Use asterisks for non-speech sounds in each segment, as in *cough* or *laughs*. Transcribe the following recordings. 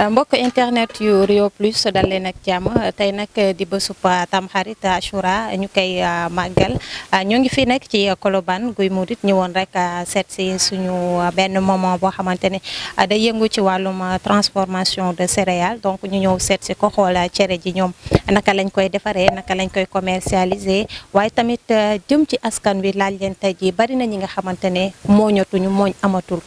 Euh, mbokk internet yu Rio Plus dal nag ak jàmm tey nag euh, di bésub tamxarit Achoura ñu koy euh, màggal ñoo ngi fi nekk ci Colobane Guy Mouride ñëwoon rek seet si suñu benn moment boo xamante ne day yëngu ci wàllum transformation de céréales donc ñu ñëw seet si ko xoola cere ji ñoom naka lañ koy defaree naka lañ koy commercialiser waaye tamit jëm ci askan wi laaj leen tey ji bari na ñi nga xamante ne mooñatuñu mooñ amatul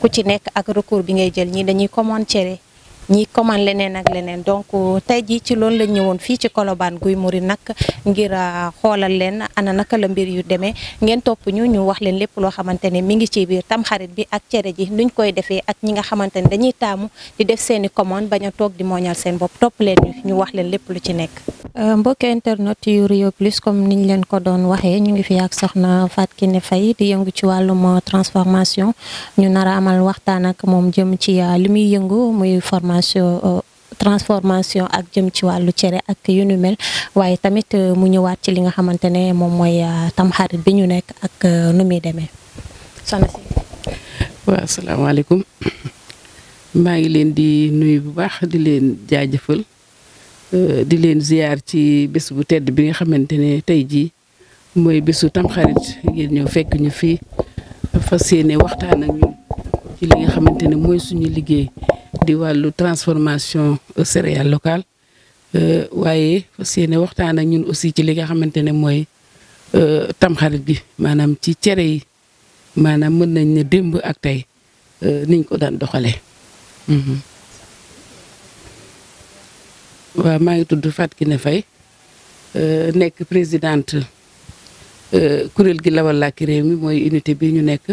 ku ci nekk ak recours bi ngay jël ñi dañuy commande cere ñi commande leneen ak leneen donc tey ji ci loolu lañ ñëwoon fii ci kolobaan Guy muri nag ngir euh, xoolal leen ana naka la mbir yu demee ngeen topp ñu ñu wax leen lépp loo xamante ne mi ngi ci biir tamxarit bi ak cere ji nuñ koy defee ak ñi nga xamante ne dañuy taamu di def seen commande bañ toog di mooñal seen bopp topp leen ñu wax leen lépp lu ci nekk. Euh, mbokk internet yu Rio Plus comme niñ leen ko doon waxee ñu ngi fi ak soxna Fatou Kiné Faye di yëngu ci wàllu wàllum euh, transformation ñu nar amal waxtaan ak moom jëm ci li yëngu muy formation transformation euh, transformation ak jëm ci wàllu cere ak yu nu mel waaye tamit euh, mu ñëwaat ci li nga xamante ne moom mooy euh, tamxarit bi ñu nekk ak nu muy demee soxna si waaw *coughs* maa ngi leen di nuyu bu baax di leen jaajëfal di leen ziyaar ci bés bu tedd bi nga xamante ne tey jii mooy bésu tamxarit ngeen ñëw fekk ñu fi fas yéene waxtaan ak ñun ci li nga xamante mooy suñu liggéey di wàllu transformation céréale locale euh, waaye fas yéene waxtaan ak ñun aussi ci li nga xamante ne mooy euh, tamxarit bi maanaam ci cere yi maanaam mën nañ ne démb ak tey euh, niñ ko daan doxalee. Mm-hmm. waaw maa ngi tudd Fatou Kiné Faye nekk présidente kuréel gi lawal làkki réew mi mooy unité bi ñu nekk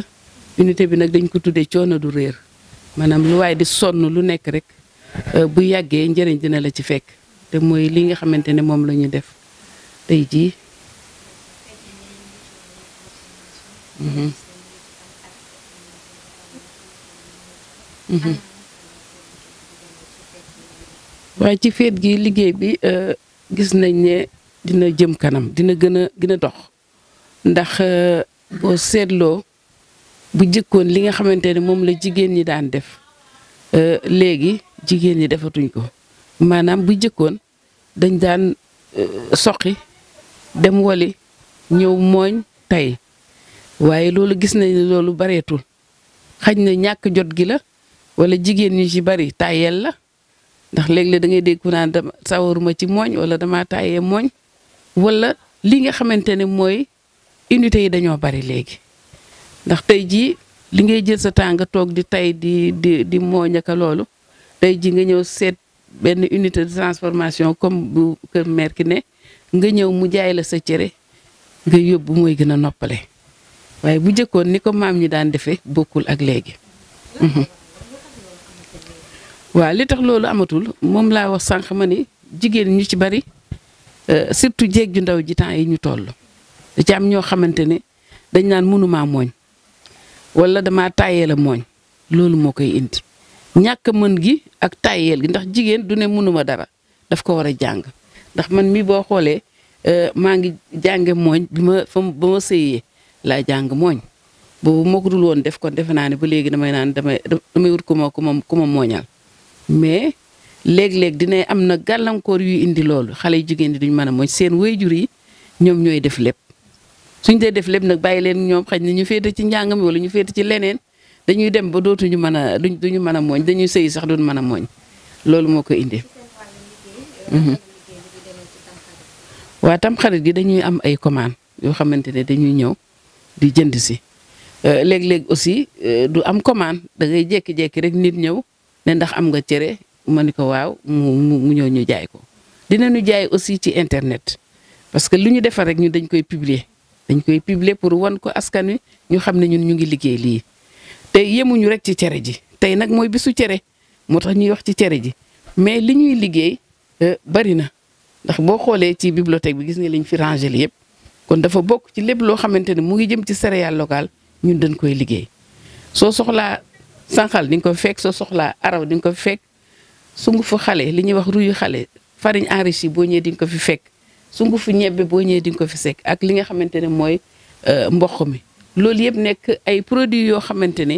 unité bi nag dañ ko tuddee coono du réer. maanaam lu waaye di sonn lu nekk rek euh, bu yàggee njëriñ dina la ci fekk te mooy li nga xamante ne moom la def tey jii. Mhm. Mhm. waaye ci feet gi liggéey bi euh, gis nañ ne dina jëm kanam dina gën a gën a dox ndax euh, boo seetloo. bu jëkkoon li nga xamante ne moom la jigéen ñi daan def euh, léegi jigéen ñi defatuñ ko maanaam bu jëkkoon dañ daan euh, soqi dem woli ñëw mooñ tey waaye loolu gis nañ ne loolu bareetul xaj na ñàkk jot gi la wala jigéen ñi ci bari tayel la ndax léeg-léeg da ngay dégg ku naan dama sawaruma ci mooñ wala dama tayee mooñ wala li nga xamante ne mooy unité yi dañoo bari léegi ndax tey jii li ngay jël sa temps nga toog di tay di di di mooñ aka loolu tey jii nga ñëw seet benn unité de transformation comme bu kër maire ne nga ñëw mu jaay la sa cere nga yóbbu mooy gën a noppale waaye bu jëkkoon ni ko maam ñi daan defee bokkul ak léegi. Mhm. waaw li tax loolu amatul moom laa wax sànq ma ni jigéen ñu ci bari euh, surtout jéeg ju ndaw ji temps yi ñu toll da ci am ñoo xamante ne dañ naan mënumaa mooñ. wala damaa tàyyeel a mooñ loolu moo koy indi ñàkk mën gi ak tayel gi ndax jigéen du ne mënuma dara daf ko war a jàng ndax man mi boo xoolee euh, maa ngi jànge mooñ bi ma fa ba ma sëyee laa jàng mooñ boobu moo ko dul woon def kon defe naa ne ba léegi damay naan damay damay wut ku ma ku ma ku ma mooñal mais léeg-léeg dina am na gàllankoor yuy indi loolu xale yu jigéen ñi duñ mën a mooñ seen wéyjur yi ñoom ñooy def lépp suñ dee def lépp nag bàyyi leen ñoom xëy na ñu féete ci njàngam wala ñu féete ci leneen dañuy dem ba dootuñu mën a duñ duñu mën a mooñ dañuy sëyi sax duñ man a mooñ loolu moo ko indi. Mhm. waa tam xarit gi dañuy am ay commande yoo xamante ne dañuy ñëw di jënd si euh, léeg-léeg aussi euh, du am commande da ngay jékki rek nit ñëw ndax am nga cere ma ni ko waaw mu ñëw ñu jaay ko. dina ñu jaay aussi ci internet parce que lu ñu defar rek ñu dañ koy publier. dañ koy publier pour wan ko askan wi ñu xam ne ñun ñu ngi liggéey lii tey yemuñu rek ci cere ji tey nag mooy bisu cere moo tax ñuy wax ci cere ji mais li ñuy liggéey euh, bari na ndax boo xoolee ci bibliothèque bi gis nga liñ fi rangé li yëpp kon dafa bokk ci lépp loo xamante ne mu ngi jëm ci céréale locale ñun dañ koy liggéey soo soxlaa sànqal di nga ko fekk soo soxlaa araw di nga ko fekk sungufu xale li ñuy wax ruyu xale farine enrichie boo ñëwee di nga ko fi fekk sungufu ñebbe boo ñëwee di nga ko fi sekk ak li nga xamante ne mooy euh, mboq mi loolu yëpp nekk ay produits yoo xamante ne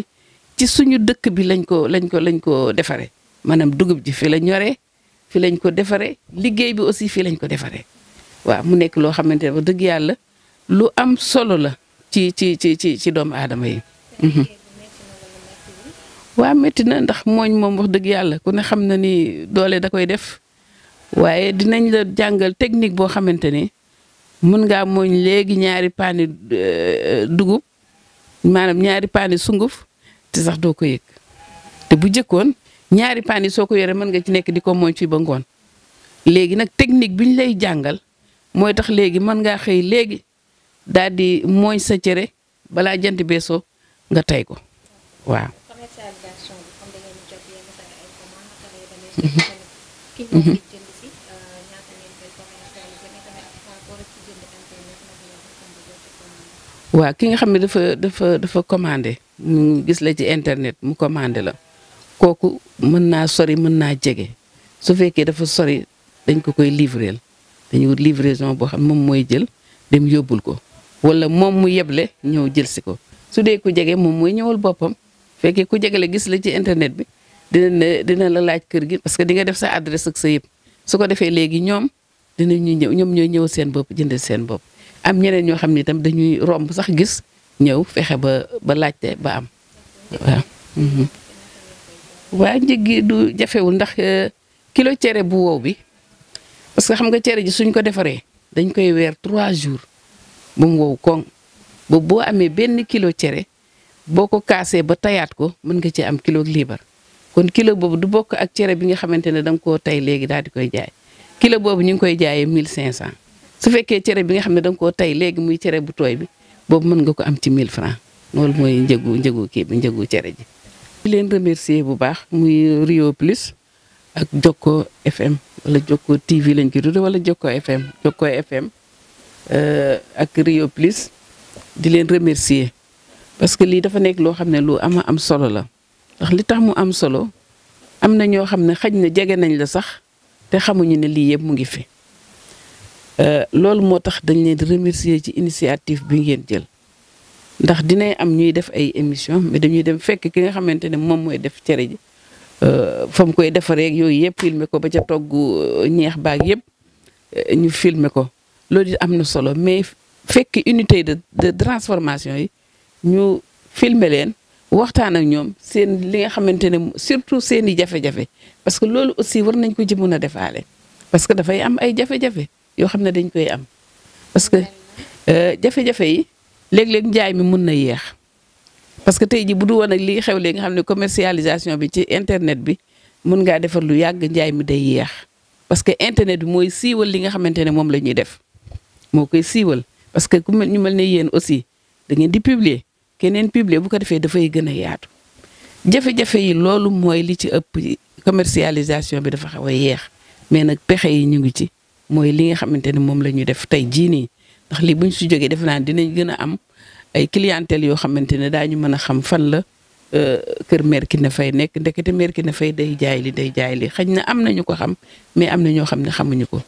ci suñu dëkk bi lañ ko lañ ko lañ ko defaree maanaam dugub ji fi la ñoree fi lañ ko defaree liggéey bi aussi fii lañ ko defaree waaw mu nekk loo xamante ne ba dëgg yàlla lu am solo la ci ci ci ci ci doomu aadama yi. Mhm. waa métti na ndax mooñ moom wax dëgg yàlla ku ne xam na ni doole da koy def. waaye dinañ la jàngal technique boo xamante ne mën ngaa mooñ léegi ñaari paani euh, dugub maanaam ñaari paani sunguf te sax doo ko yëg te bu jëkkoon ñaari paani soo ko yoree mën nga ci nekk di ko mooñ fii ba ngoon léegi nag technique bi ñu lay jàngal mooy tax léegi mën ngaa xëy léegi daal di mooñ sa cere balaa jant beesoo nga tey ko waaw. waaw ki nga xam ne dafa dafa dafa commandé mu gis la ci internet mu commandé la kooku mën naa sori mën naa jege su fekkee dafa sori dañ ko koy livreel dañu wut livraison boo xam moom mooy jël dem yóbbul ko wala moom mu yeble ñëw jël si ko su dee ku jege moom mooy ñëwal boppam fekkee ku jege la gis la ci internet bi dina ne dina la laaj kër gi parce que di nga def sa adresse ak sa yëpp su ko defee léegi ñoom dina ñuy ñëw ñoom ñooy ñëw seen bopp jëndal seen bopp am ñeneen ñoo xam ne itam dañuy romb sax gis ñëw fexe ba ba laajte ba am waaw. Mhm. waa njëg du jafewul ndax euh, kilo cere bu wow bi parce que xam nga cere ji suñ ko defaree dañ koy weer trois jours ba mu wow koŋ ba boo amee benn kilo cere boo ko kaasee ba teyaat ko mën nga ci am kilo liibar kon kilo boobu du bokk ak cere bi nga xamante ne da nga koo tey léegi daal di koy jaay kilo boobu ñu ngi koy jaayee mille cinq cent su fekkee cere bi nga xam ne da ko koo tey léegi muy cere bu tooy bi boobu mën nga ko am ci mille francs loolu mooy njëgu njëgu kii bi njëgu cere ji. di leen remercier bu baax muy Rio Plus ak Jokkoo FM wala Jokkoo TV lañ ko tudde wala Jokkoo FM Jokkoo FM euh, ak Rio Plus di leen remercier parce que lii dafa nekk loo xam ne lu am am solo la ndax li tax mu am solo am na ñoo xam ne xaj na jege nañ la sax te xamuñu ne lii yëpp mu ngi fi. Euh, loolu moo tax dañ leen di remercier ci initiative bi ngeen jël ndax dinay am ñuy def ay émission mais dañuy dem fekk ki nga xamante ne moom mooy def cere ji euh, fa mu koy defaree yooyu yëpp filmer ko ba ca togg euh, ñeex baag yëpp ñu filmer ko loolu am na solo mais fekk unité de de transformation yi ñu filmer leen waxtaan ak ñoom seen li nga xamante ne surtout seen i jafe-jafe parce que loolu aussi war nañ ko ci mën a defaale parce que dafay am ay jafe-jafe. yoo xam ne dañ koy am parce que euh, jafe-jafe yi léeg-léeg njaay mi mun na yéex parce que tey ji bu du woon ak li xew léegi nga xam ne commercialisation bi ci internet bi mun ngaa defar lu yàgg njaay mi day yeex parce que internet bi mooy siiwal li nga xamante ne moom la ñuy def moo koy siiwal parce que ku ñu mel ne yéen aussi da di publier keneen publier bu ko defee dafay gën a yaatu jafe-jafe yi loolu mooy li ci ëpp commercialisation bi dafa xaw a yéex mais nag pexe yi ñu ngi ci mooy li nga xamante ni moom la ñuy def tey jii nii ndax lii buñ si jogee def naa dinañ gën a am ay clientèle yoo xamante ne daañu mën a xam fan la euh, kër na fay nekk merki na fay day jaay li day jaay li xëy na am nañu ko xam mais am na ñoo xam ne xamuñu ko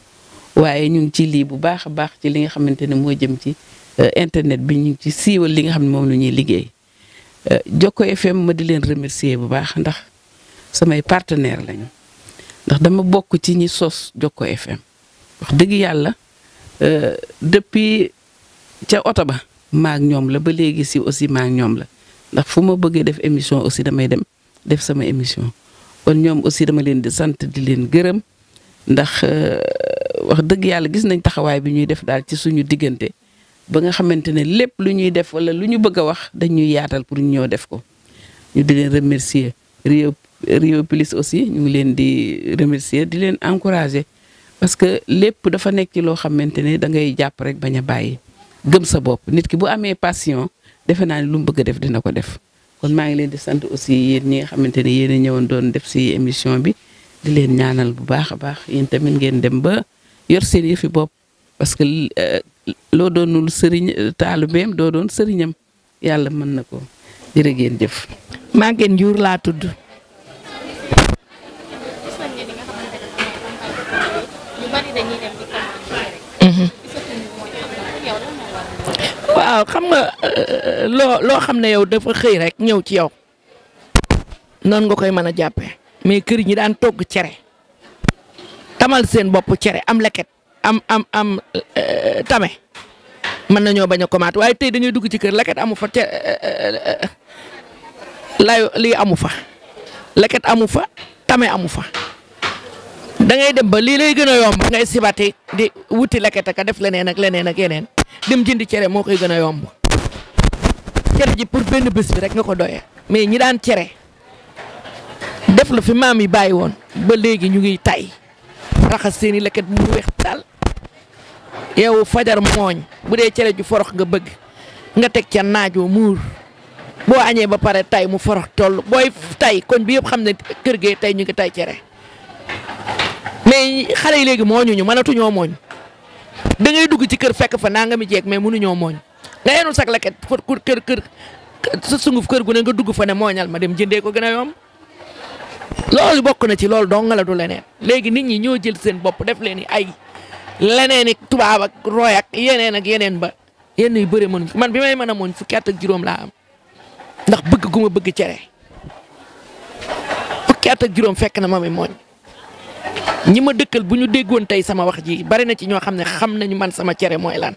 waaye ñu ngi ci lii bu baax a baax ci li nga xamante ne mooy jëm ci euh, internet bi ñu ngi ci siiwal li nga xam ne moom la ñuy liggéey euh, Jokko FM ma di leen remercier bu baax ndax samay partenaire lañu ndax dama bokk ci ñi sos Jokko FM wax dëgg yàlla euh, depuis ca oto ba maag ñoom la ba léegi si aussi maag ñoom la ndax fu ma bëggee def émission aussi damay dem def sama émission kon ñoom aussi dama leen di sant di leen gërëm ndax euh, wax dëgg yàlla gis nañ taxawaay bi ñuy def daal ci suñu diggante ba nga xamante ne lépp lu ñuy def wala lu ñu bëgg a wax dañuy yaatal pour ñu ñëw def ko ñu di leen remercier Rio Rio Plus aussi ñu ngi leen di remercier di leen encourager parce que lépp dafa nekk ci loo xamante ne dangay jàpp rek bañ a bàyyi gëm sa bopp nit ki bu amee passion defe naa ne lu mu bëgg a def dina ko def kon maa ngi leen di sant aussi yéen ñi nga xamante ne yéen a ñëwoon doon def si émission bi di leen ñaanal bu baax a baax yéen tamit ngeen dem ba yor seen yëfi bopp parce que euh, loo doonul sëriñ euh, taalubeem doo doon sëriñam yàlla mën na ko jërë ngeen jëf. Maguette Ndiour laa tudd. waaw xam nga euh, loo loo xam ne yow dafa xëy rek ñëw ci yow noonu nga koy mën a jàppee mais kër ñi daan togg cere tamal seen bopp cere am leket am am am euh, tame mën nañoo bañ a commenter waaye tey dañuy dugg ci kër leket amu fa cere euh, lay lii amu fa leket amu fa tame amu fa da dem ba lii lay gën a yomb ngay sibati di wuti leket ka def leneen ak leneen ak yeneen. dem jëndi cere moo koy gën a yomb cere ji pour benn bés bi rek nga ko doyee mais ñi daan cere def la fi maam yi bàyyi woon ba léegi ñu ngi tay raxas seeni leket bu mu weex daal yow fajar mooñ bu dee cere ju forox nga bëgg nga teg ca naajoo muur boo añee ba pare tay mu forox toll booy tay koñ bi yëpp xam ne kër gee tay ñu ngi tay cere mais xale yi léegi mooñu ñu mënatuñoo mooñ da ngay dugg ci kër fekk fa nangami jeeg mais mënuñoo mooñ nga yenu sax leket kër kër kër sa sunguf kër gu ne nga dugg fa ne mooñal ma dem jëndee ko gën a yomb loolu bokk na ci loolu dong du leneen léegi nit ñi ñoo jël seen bopp def leen ay leneen i tubaab ak roy ak yeneen ak yeneen ba yenn yu bëri mënuñ man bi may mën a mooñ fukki at ak juróom am ndax bëgg gu ma bëgg cere fukki at ak juróom fekk na ma mooñ ñi ma dëkkal bu ñu déggoon tey sama wax ji bari na ci ñoo xam ne xam nañu man sama cere mooy lan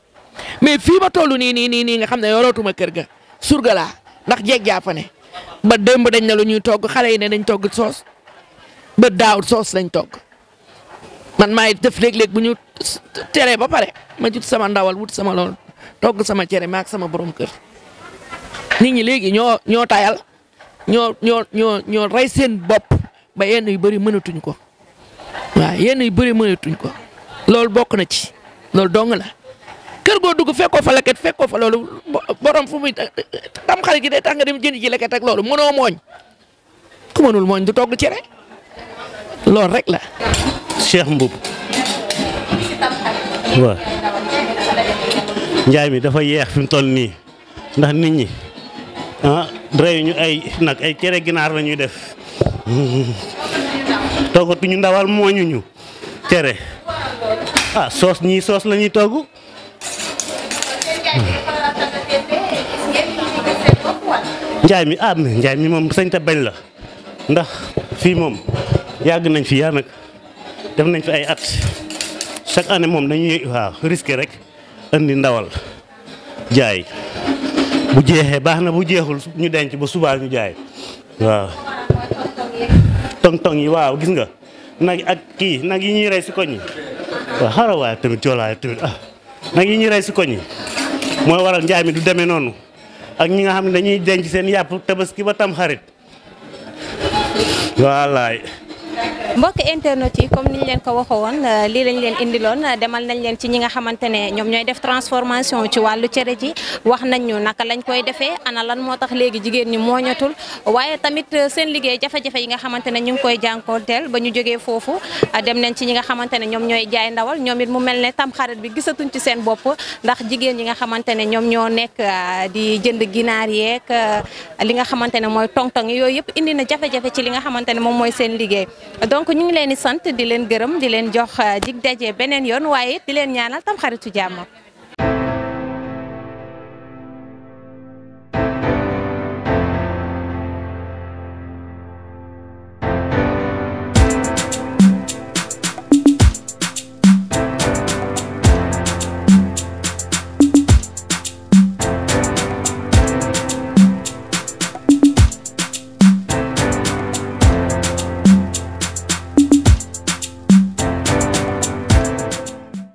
mais fii ma toll nii nii nii nii nga xam ne yorootuma kër ga surga laa ndax jeeg jaa ba démb dañ na lu ñuy togg xale yi ne dañ togg soos ba daaw soos dañ togg man maay def léeg-léeg bu ñu teree ba pare ma jut sama ndawal wut sama lool togg sama cere maak sama borom kër nit ñi léegi ñoo ñoo tayal ñoo ñoo ñoo ñoo rey seen bopp ba yenn yi bari mënatuñ ko. waaw yenn yu bëri mënatuñ ko loolu bokk na ci loolu dong la kër goo dugg fekkoo fa leket fekkoo fa loolu borom fu muy tam xarit gi day tax nga dem jënd ji leket ak loolu mënoo mooñ ku mënul mooñ du togg cere loolu rek la. Cheikh mbub waaw. njaay mi dafa yeex fi mu toll nii ndax nit ñi ah ñu ay nag ay cere ginaar la ñuy def. *laughs* toggatuñu ndawal mooñu ñu cere ah soos ñii soos lañuy togg. njaay mi ah mais njaay mi moom sañ ta bañ la ndax fii moom yàgg nañ fi yaa nag def nañ fi ay at chaque année moom dañuy waaw risqué rek andi ndawal jaay bu jeexee baax na bu jeexul ñu denc ba subaa ñu jaay waaw. tong-tong yi waaw gis nga nag ak kii nag yi ñuy rey si koñ yi waaw xaaral tamit joolaay tamit ah. nag yi ñuy rey si koñ yi mooy waral njaay mi du demee noonu ak ñi nga xam ne dañuy denc seen yàpp tabaski ba tam xarit waalaay mbokk internet yi comme niñ leen ko waxee woon lii lañ leen indiloon demal nañ leen ci ñi nga xamante ne ñoom ñooy def transformation ci wàllu cere ji wax nañ ñu naka lañ koy defee ana lan moo tax léegi jigéen ñi mooñatul waaye tamit seen liggéey jafe-jafe yi nga xamante ne ñu ngi koy jànkoonteel ba ñu jógee foofu dem nañ ci ñi nga xamante ne ñoom ñooy jaay ndawal ñoom it mu mel ne tamxarit bi gisatuñ ci seen bopp ndax jigéen yi nga xamante ne ñoom ñoo nekk ah, di jënd ginaar yeeg ah, li nga xamante ne mooy tong-tong yooyu yëpp indi na jafe-jafe ci li nga xamante ne moom mooy seen liggéey donc ñu ngi leen di sant di leen gërëm di leen jox jig euh, daje beneen yoon waaye di leen ñaanal tam xaritu jàmm